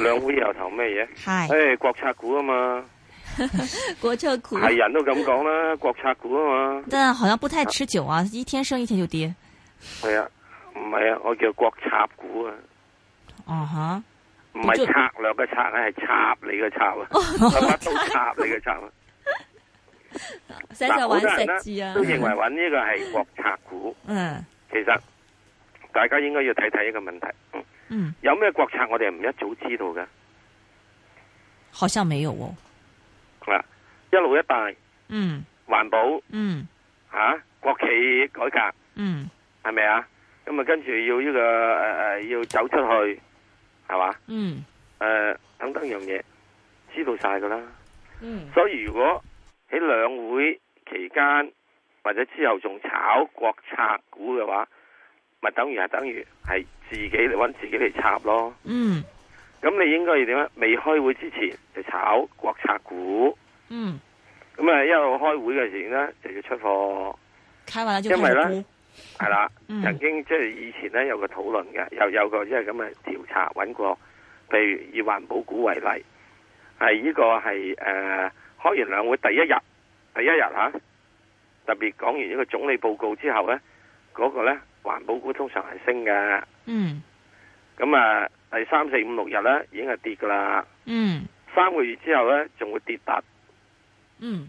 兩會油頭咩嘢？係誒、哎，國策股啊嘛 國。國策股係人都咁講啦，國策股啊嘛。但係好像不太持久啊，啊，一天升一天就跌。係啊，唔係啊，我叫國策股啊。哦、uh、吓 -huh.？唔係策略嘅策，係、uh、插 -huh. 你嘅插啊，插你嘅插啊。成日玩食字啊，都認為玩呢個係國策股。嗯， 其實大家應該要睇睇呢個問題。嗯、有咩國策我哋唔一早知道㗎，好像沒有、哦。係一路一帶，嗯，環保，嗯，吓、啊、國企改革，嗯，係咪啊？咁啊，跟住要呢、這個誒誒、呃，要走出去，係嘛？嗯，誒、呃、等等樣嘢，知道晒噶啦。嗯，所以如果喺兩會期間或者之後仲炒國策股嘅話，咪等於係等於係自己嚟揾自己嚟插咯。嗯，咁你應該要點啊？未開會之前就炒國策股。嗯，咁啊，一路開會嘅時呢，就要出貨。因為呢，係啦。曾經即係以前呢，有個討論嘅，又有個即係咁嘅調查揾過，譬如以環保股為例，係呢個係誒、呃、開完兩會第一日，第一日吓、啊，特別講完呢個總理報告之後呢，嗰、嗰個咧。環保股通常係升嘅，嗯，咁啊，第三、四、五、六日咧已經係跌噶啦，嗯，三個月之後咧仲會跌達，嗯、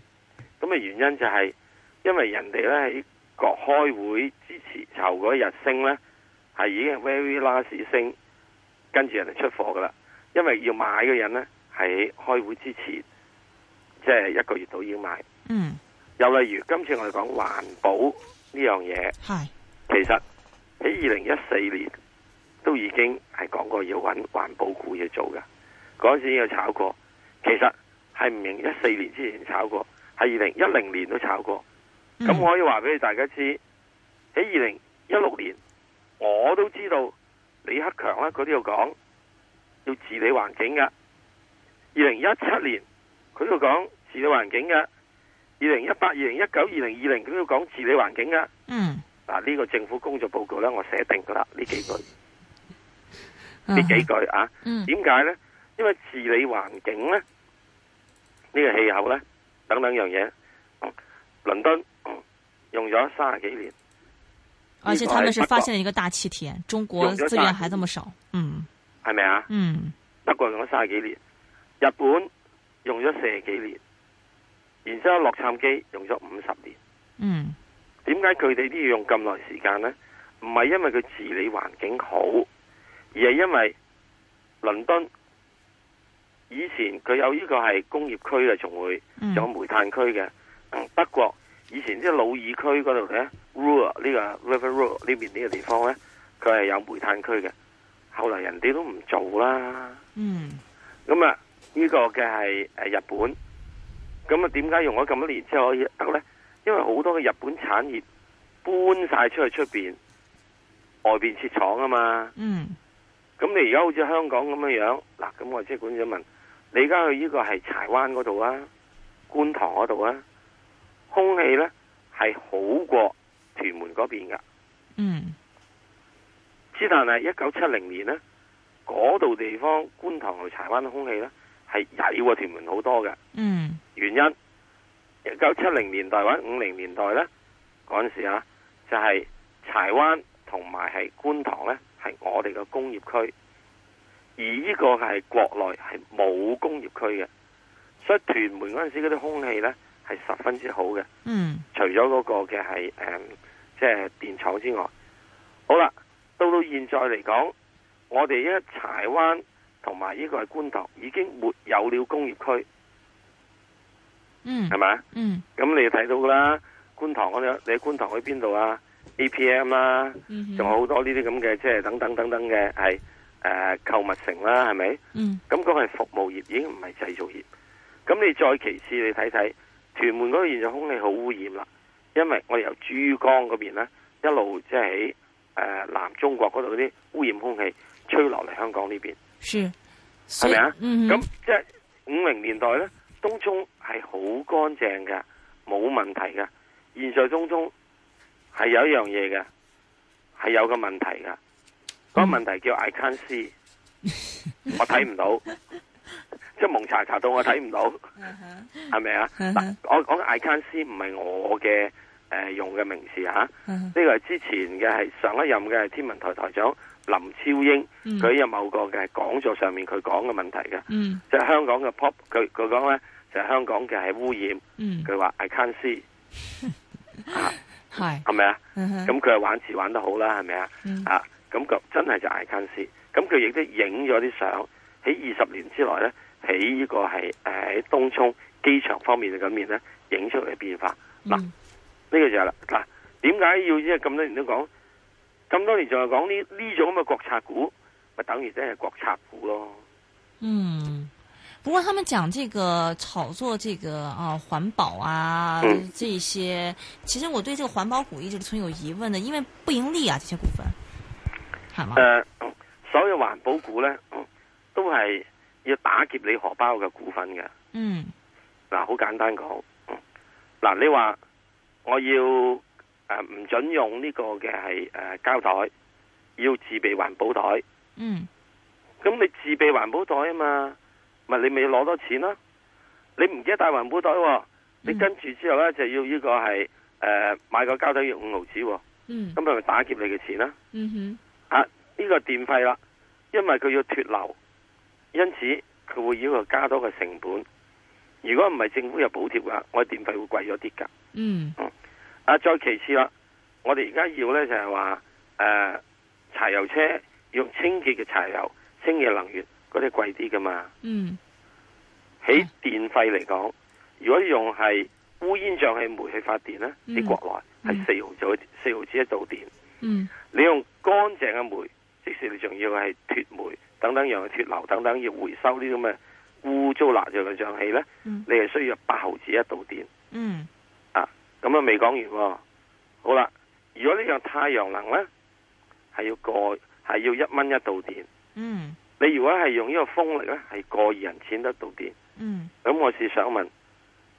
咁、那、嘅、個、原因就係、是、因為人哋咧喺國開會之前頭嗰日升咧係已經 very last 升，跟住人哋出貨噶啦，因為要買嘅人咧喺開會之前即係、就是、一個月度要買，嗯，又例如今次我哋講環保呢樣嘢，係。其實喺二零一四年都已經係講過要搵環保股去做嘅，嗰陣時已經有炒過。其實係唔明一四年之前炒過，係二零一零年都炒過。咁我可以話俾大家知，喺二零一六年，我都知道李克強呢，佢都要講要治理環境嘅。二零一七年佢都要講治理環境嘅。二零一八、二零一九、二零二零，佢都要講治理環境嘅。嗯。嗱、這、呢個政府工作報告咧，我寫定噶啦，呢幾句，呢、嗯、幾句啊，點解咧？因為治理環境咧，呢、這個氣候咧，等等樣嘢，倫敦用咗卅幾年，而且他們是發現了一個大氣田，中國用三十幾年資源還這麼少，嗯，係咪啊？嗯，德國用咗卅幾年，日本用咗四十幾年，然之後洛杉磯用咗五十年，嗯。點解佢哋都要用咁耐時間呢？唔係因為佢治理環境好，而係因為倫敦以前佢有呢個係工業區嘅，仲會有煤炭區嘅。嗯。德國以前啲老二區嗰度呢 Rural 呢個 River Rural 呢邊呢個地方呢，佢係有煤炭區嘅。後來人哋都唔做啦。嗯，咁啊，呢、這個嘅係日本。咁啊，點解用咗咁多年之後先可以得咧？因為好多嘅日本產業搬晒出去出邊外邊設廠啊嘛，咁、嗯、你而家好似香港咁嘅樣，嗱，咁我即係管住問你而家去呢個係柴灣嗰度啊，觀塘嗰度啊，空氣呢係好過屯門嗰邊噶，之、嗯、但係一九七零年呢嗰度，那個，地方觀塘同柴灣嘅空氣呢係曳過屯門好多嘅，嗯，原因。一九七零年代或者五零年代呢，嗰陣時啊，就係、是、柴灣同埋係觀塘呢，係我哋嘅工業區，而呢個係國內係冇工業區嘅，所以屯門嗰陣時嗰啲空氣呢，係十分之好嘅。嗯，除咗嗰個嘅係誒，即係電廠之外，好啦，到到現在嚟講，我哋一柴灣同埋呢個係觀塘已經沒有了工業區。嗯，係咪？嗯，咁、嗯、你睇到噶啦，觀塘嗰啲，你喺觀塘去邊度啊？APM 啦、啊，仲、嗯、有好多呢啲咁嘅，即、就、係、是、等等等等嘅，係誒購物城啦，係咪？嗯，咁嗰係服務業，已經唔係製造業。咁你再其次，你睇睇屯門嗰個現象，空氣好污染啦，因為我哋由珠江嗰邊咧，一路即係喺誒南中國嗰度嗰啲污染空氣吹落嚟香港呢邊，係咪啊？咁即係五零年代咧。中中係好乾淨嘅，冇問題嘅。現在中中係有一樣嘢嘅，係有個問題噶。嗰、那個問題叫 I can't see 我睇唔不到，即 係蒙查查到我睇唔到，係、uh、咪 -huh. 啊？嗱、uh -huh.，我講 I can't see 唔係我嘅誒、呃、用嘅名詞吓，呢、啊 uh -huh. 個係之前嘅係上一任嘅天文台台長林超英，佢、uh -huh. 有某個嘅講座上面佢講嘅問題嘅，即、uh、係 -huh. 香港嘅 pop，佢佢講咧。就是、香港嘅係污染，佢話艾 can see，係係咪啊？咁佢係玩字玩得好啦，係咪、嗯、啊？啊咁個真係就 can see，咁佢亦都影咗啲相喺二十年之內咧，喺呢個係誒喺東涌機場方面嘅咁面咧，影出嚟嘅變化。嗱、啊、呢、嗯這個就係、是、啦。嗱、啊，點解要即係咁多年都講咁多年仲係講呢呢種咁嘅國策股，咪等於真係國策股咯？嗯。不過他們講這個炒作，這個啊環保啊，嗯、這些其實我對這個環保股一直存有疑問的，因為不盈利啊，這些股份係嘛？誒，所有環保股咧，都係要打劫你荷包嘅股份嘅。嗯、嗱、啊，好簡單講，嗱、啊，你話我要誒唔、呃、準用呢個嘅係誒膠袋，要自備環保袋。嗯，咁你自備環保袋啊嘛？唔係你要攞多錢啦、啊，你唔記得帶環保袋、啊，你跟住之後咧就要呢個係誒、呃、買個膠袋要五毫子，咁佢咪打劫你嘅錢啦、啊？嗯哼，啊呢、呢個電費啦，因為佢要脫硫，因此佢會要求加多個成本。如果唔係政府有補貼噶，我電費會貴咗啲噶。嗯，啊再其次啦，我哋而家要咧就係話誒柴油車用清潔嘅柴油，清潔能源。嗰啲貴啲噶嘛？嗯，喺電費嚟講，如果你用係烏煙瘴氣煤去發電呢，啲、嗯、國內係四毫子、嗯、四毫紙一度電。嗯，你用乾淨嘅煤，即使你仲要係脱煤等等要脫，又脱硫等等，要回收呢啲咁嘅污糟邋遢嘅瘴氣呢，嗯、你係需要八毫紙一度電。嗯，啊，咁啊未講完、哦，好啦，如果你用太陽能呢，係要個係要一蚊一度電。嗯。你如果係用呢個風力咧，係過二人錢得到電，咁、嗯、我是想問，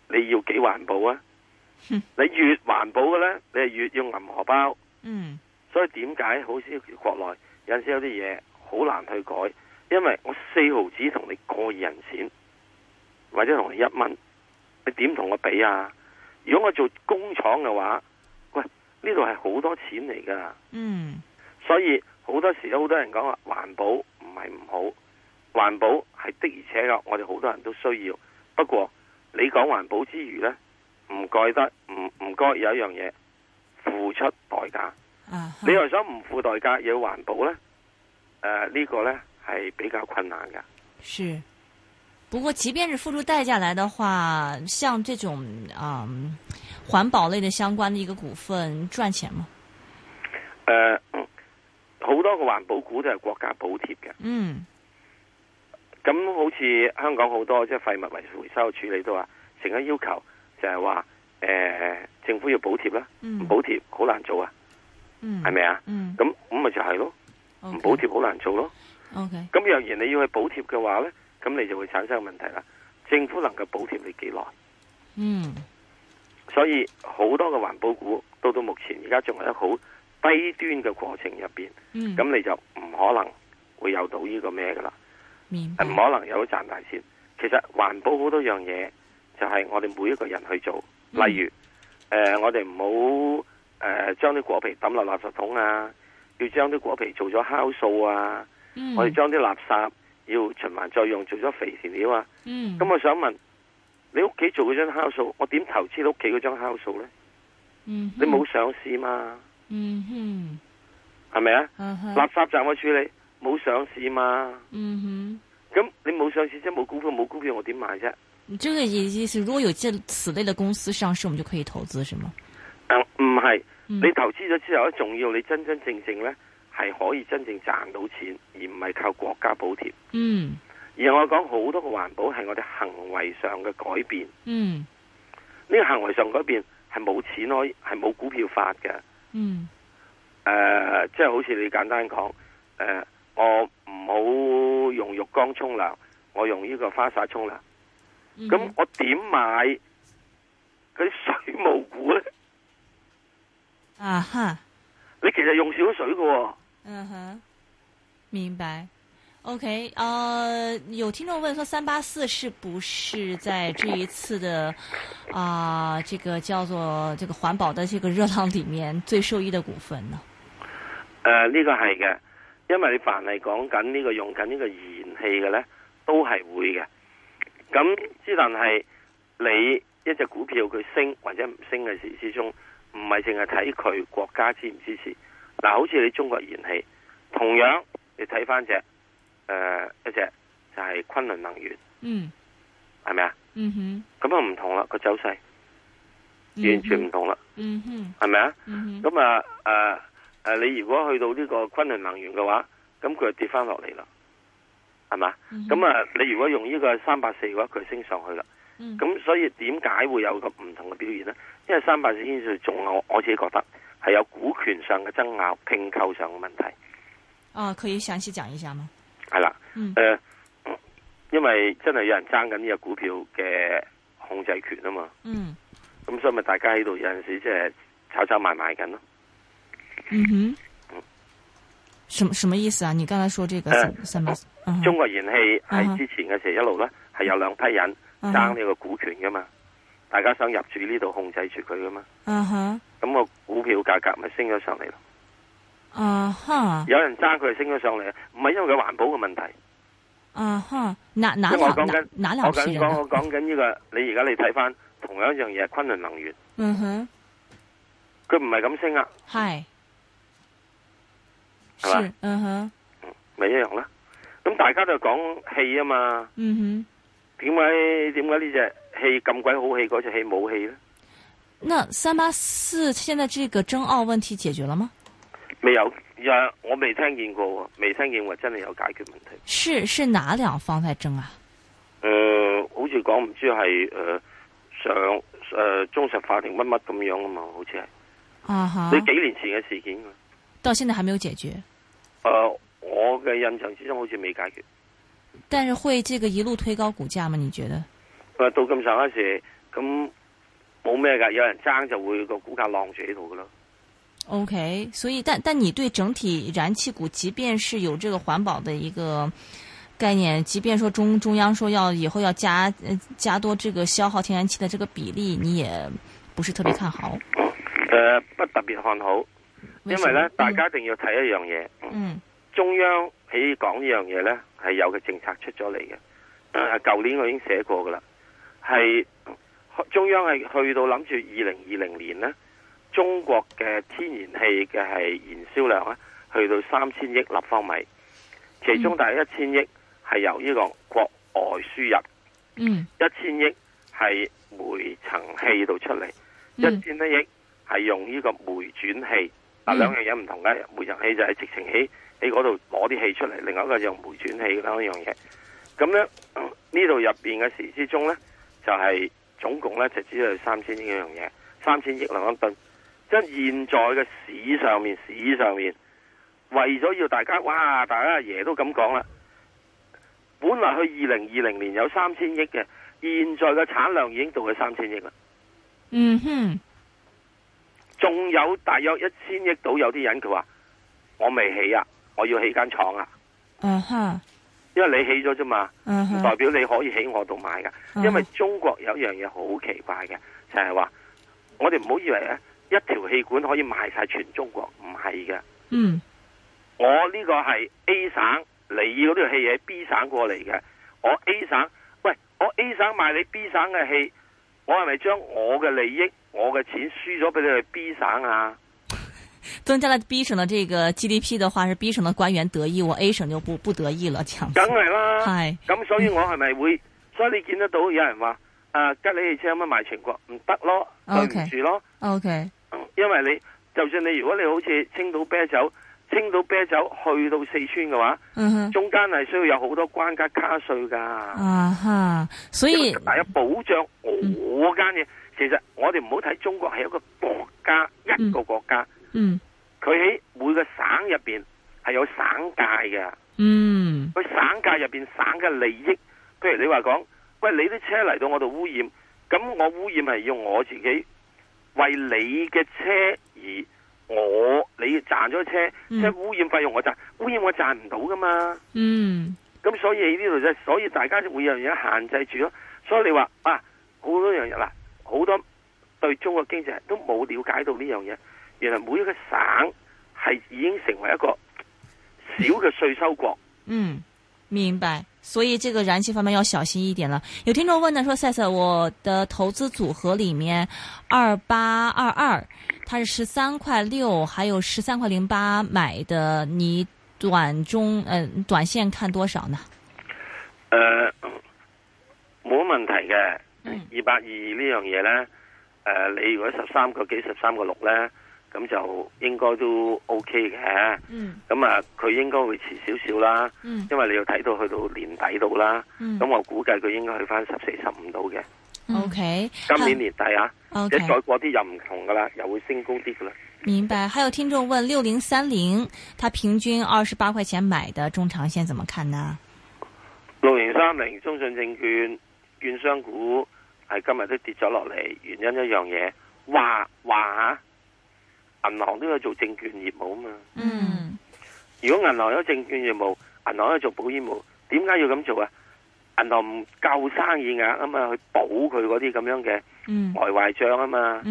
你要幾環保啊？ 你越環保嘅咧，你係越用銀荷包。嗯，所以點解好似國內有陣時有啲嘢好難去改？因為我四毫子同你過二人錢，或者同你一蚊，你點同我比啊？如果我做工廠嘅話，喂，呢度係好多錢嚟噶。嗯，所以好多時有好多人講話環保。唔係唔好，環保係的而且確，我哋好多人都需要。不過你講環保之餘呢，唔覺得，唔唔該有一樣嘢，付出代價。啊你又想唔付代價又要環保呢誒，呢、呃這個呢係比較困難噶。是，不過即便是付出代價來的話，像這種啊環、嗯、保類的相關的一個股份賺錢嗎？誒、呃、嗯。好多個環保股都係國家補貼嘅，嗯，咁好似香港好多即係廢物回收處理都話成日要求就是，就係話誒政府要補貼啦，唔補貼好難做啊，嗯，係咪啊？嗯，咁咁咪就係咯，唔補貼好難做咯，OK，咁若然你要去補貼嘅話咧，咁你就會產生問題啦。政府能夠補貼你幾耐？嗯，所以好多個環保股到到目前而家仲係得好。低端嘅過程入邊，咁、嗯、你就唔可能會有到呢個咩噶啦，唔可能有得賺大錢。其實環保好多樣嘢，就係、是、我哋每一個人去做。嗯、例如，誒、呃、我哋唔好誒將啲果皮抌落垃圾桶啊，要將啲果皮做咗酵素啊，嗯、我哋將啲垃圾要循環再用，做咗肥田料啊。咁、嗯、我想問，你屋企做嗰張酵素，我點投資你屋企嗰張酵素呢？嗯、你冇上市嘛？嗯、mm、哼 -hmm.，係咪啊？垃圾站嘅處理冇上市嘛？嗯哼，咁你冇上市即冇股票，冇股票我點買啫？即、這、係、個、意思，如果有這此類的公司上市，我們就可以投資，是嗎？誒、呃，唔係，你投資咗之後，仲、mm -hmm. 要你真真正正咧係可以真正賺到錢，而唔係靠國家補貼。嗯、mm -hmm.，而我講好多個環保係我哋行為上嘅改變。嗯，呢個行為上改變係冇錢可以，係冇股票發嘅。嗯，誒、呃，即係好似你簡單講，誒、呃，我唔好用浴缸沖涼，我用呢個花灑沖涼。咁、嗯、我點買嗰啲水務股咧？啊哈，你其實用少水嘅、哦。嗯哼，明白。OK，啊、呃，有聽眾問說三八四是不是在這一次的，啊、呃，這個叫做這個環保的這個熱浪裏面最受益的股份呢？誒、呃、呢、這個係嘅，因為你凡係講緊呢個用緊呢個燃氣嘅呢都係會嘅。咁之但係你一隻股票佢升或者唔升嘅時之中，唔係淨係睇佢國家支唔支持。嗱，好似你中國燃氣，同樣你睇返隻。誒、呃，一隻就係昆侖能源，嗯，係咪啊？嗯哼，咁啊唔同啦，個走勢完全唔同啦，嗯哼，係咪啊？嗯咁啊誒誒，你如果去到呢個昆侖能源嘅話，咁佢就跌翻落嚟啦，係嘛？咁、嗯、啊、呃，你如果用呢個三百四嘅話，佢升上去啦，嗯，咁所以點解會有個唔同嘅表現呢？因為三百四千數仲我我自己覺得係有股權上嘅爭拗、併購上嘅問題。啊，可以詳細講一下嗎？係啦，誒、呃，嗯，因為真係有人爭緊呢個股票嘅控制權啊嘛，咁、嗯、所以咪大家喺度有陣時即係炒炒賣賣緊咯。嗯哼，什什麼意思啊？你剛才說這個？誒、啊，中國燃氣喺之前嘅時候一路咧係有兩批人爭呢個股權噶嘛，啊，大家想入住呢度控制住佢噶嘛。嗯、啊、哼、咁、那個股票價格咪升咗上嚟咯。啊哈！有人爭佢升咗上嚟，唔係因為佢環保嘅問題。啊、uh、哈 -huh.，那我講緊兩、啊、我講我講緊呢、這個，你而家你睇翻同樣一樣嘢，昆侖能源。嗯哼，佢唔係咁升啊。係、嗯，係嘛？嗯哼，咪、啊、一樣啦、啊。咁大家都講氣啊嘛。嗯、uh、哼 -huh.，點解點解呢隻氣咁鬼好氣，嗰隻氣冇氣咧？那三八四，現在這個中澳問題解決了嗎？未有呀，我未聽見過，未聽見過真係有解決問題。是是哪兩方在爭啊？誒、呃，好似講唔知係誒、呃、上誒、呃、中石化乜乜咁樣啊嘛，好似係。啊哈。幾年前嘅事件到現在還沒有解決。誒、呃，我嘅印象之中好似未解決。但是會這個一路推高股價嗎？你覺得？到咁上下時咁冇咩噶，有人爭就會個股價浪住喺度噶咯。OK，所以但但你對整體燃氣股，即便是有這個環保的一個概念，即便說中中央說要以後要加加多這個消耗天然氣的這個比例，你也不是特別看好？嗯呃、不特別看好，因為呢為大家一定要睇一樣嘢。嗯。中央喺講呢樣嘢呢係有嘅政策出咗嚟嘅。誒，舊年我已經寫過噶啦，係中央係去到諗住二零二零年呢。中國嘅天然氣嘅係燃燒量啊，去到三千億立方米，其中大約一千億係由呢個國外輸入，一千億係煤層氣度出嚟，一千多億係用呢個煤轉氣，嗱、嗯、兩樣嘢唔同嘅，煤層氣就係直情喺喺嗰度攞啲氣出嚟，另外一個是用煤轉氣嗰樣嘢，咁咧呢度入邊嘅事之中咧，就係、是、總共咧就只有三千億樣嘢，三千億立方米即係現在嘅市上面，市上面為咗要大家，哇！大家阿爺都咁講啦，本來去二零二零年有三千億嘅，現在嘅產量已經到咗三千億啦。嗯哼，仲有大約一千億度，有啲人佢話我未起啊，我要起間廠啊。嗯哼，因為你起咗啫嘛，唔、uh -huh. 代表你可以喺我度買噶。Uh -huh. 因為中國有一樣嘢好奇怪嘅，就係話我哋唔好以為咧。一條氣管可以賣晒全中國，唔係嘅。嗯，我呢個係 A 省你要嗰啲氣喺 B 省過嚟嘅。我 A 省，喂，我 A 省賣你 B 省嘅氣，我係咪將我嘅利益、我嘅錢輸咗俾你去 B 省啊？增加了 B 省嘅這個 GDP 嘅話，是 B 省嘅官員得意，我 A 省就不不得意了，梗係啦。係。咁所以，我係咪會？所以你見得到有人話，誒、啊，吉利汽車有乜賣全國？唔得咯，對唔住咯。OK, okay. 因為你就算你如果你好似青島啤酒，青島啤酒去到四川嘅話，uh -huh. 中間係需要有好多關卡卡稅噶。Uh -huh. 所以因為大家保障我間嘢、嗯，其實我哋唔好睇中國係一個國家、嗯，一個國家，佢、嗯、喺每個省入邊係有省界嘅。嗯，佢省界入邊省嘅利益，譬如你話講，喂，你啲車嚟到我度污染，咁我污染係要我自己。為你嘅車而我你賺咗車即係、嗯就是、污染費用我賺污染我賺唔到噶嘛，嗯，咁所以呢度就，所以大家會有樣嘢限制住咯。所以你話啊，好多樣嘢嗱、啊、好多對中國經濟都冇了解到呢樣嘢，原來每一個省係已經成為一個小嘅稅收國，嗯。明白，所以這個燃氣方面要小心一點了。有聽眾問呢，說賽賽，我的投資組合裏面，二八二二，它是十三塊六，還有十三塊零八買的，你短中嗯、呃、短線看多少呢？呃，冇問題嘅，二百二呢樣嘢呢，呃，你如果十三個幾十三個六呢。咁就應該都 OK 嘅，咁啊，佢、嗯啊、應該會遲少少啦，嗯，因為你要睇到去到年底度啦，咁、嗯、我估計佢應該去返十四、十五度嘅。OK，嗯、今年年底啊，或、嗯、者再過啲又唔同噶啦，嗯，又會升高啲噶啦。明白。還有聽眾問六零三零，6030，他平均二十八塊錢買的中長線怎麼看呢？六零三零中信證券券商股係今日都跌咗落嚟，原因一樣嘢，話話。銀行都有做證券業務啊嘛，嗯，如果銀行有證券業務，銀行有做保險業務，點解要咁做啊？銀行唔夠生意額啊嘛，去補佢嗰啲咁樣嘅外壞賬啊嘛，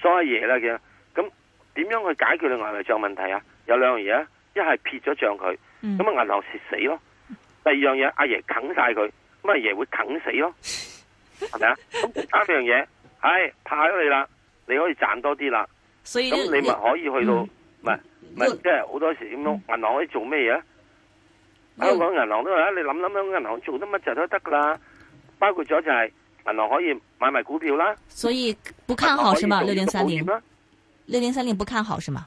所以阿爺啦嘅，其實咁點樣去解決你外壞賬問題啊？有兩樣嘢，一係撇咗賬佢，咁啊銀行蝕死咯；第二樣嘢，阿爺啃晒佢，咁阿爺會啃死咯，係 咪啊？咁第三樣嘢係怕咗你啦，你可以賺多啲啦。所以咁你咪可以去到，唔係唔係即係好多時咁樣，銀行可以做咩嘢？香港銀行都係，你諗諗下銀行做啲乜就都得噶啦，包括咗就係銀行可以買埋股票啦。所以不看好是嘛？六零三零，六零三零不看好是嘛？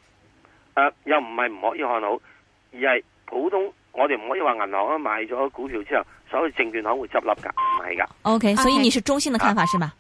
誒、啊，又唔係唔可以看好，而係普通，我哋唔可以話銀行啊買咗股票之後，所以證券行會執笠噶，唔係噶。O、okay, K，所以你係中性嘅看法是嘛？啊啊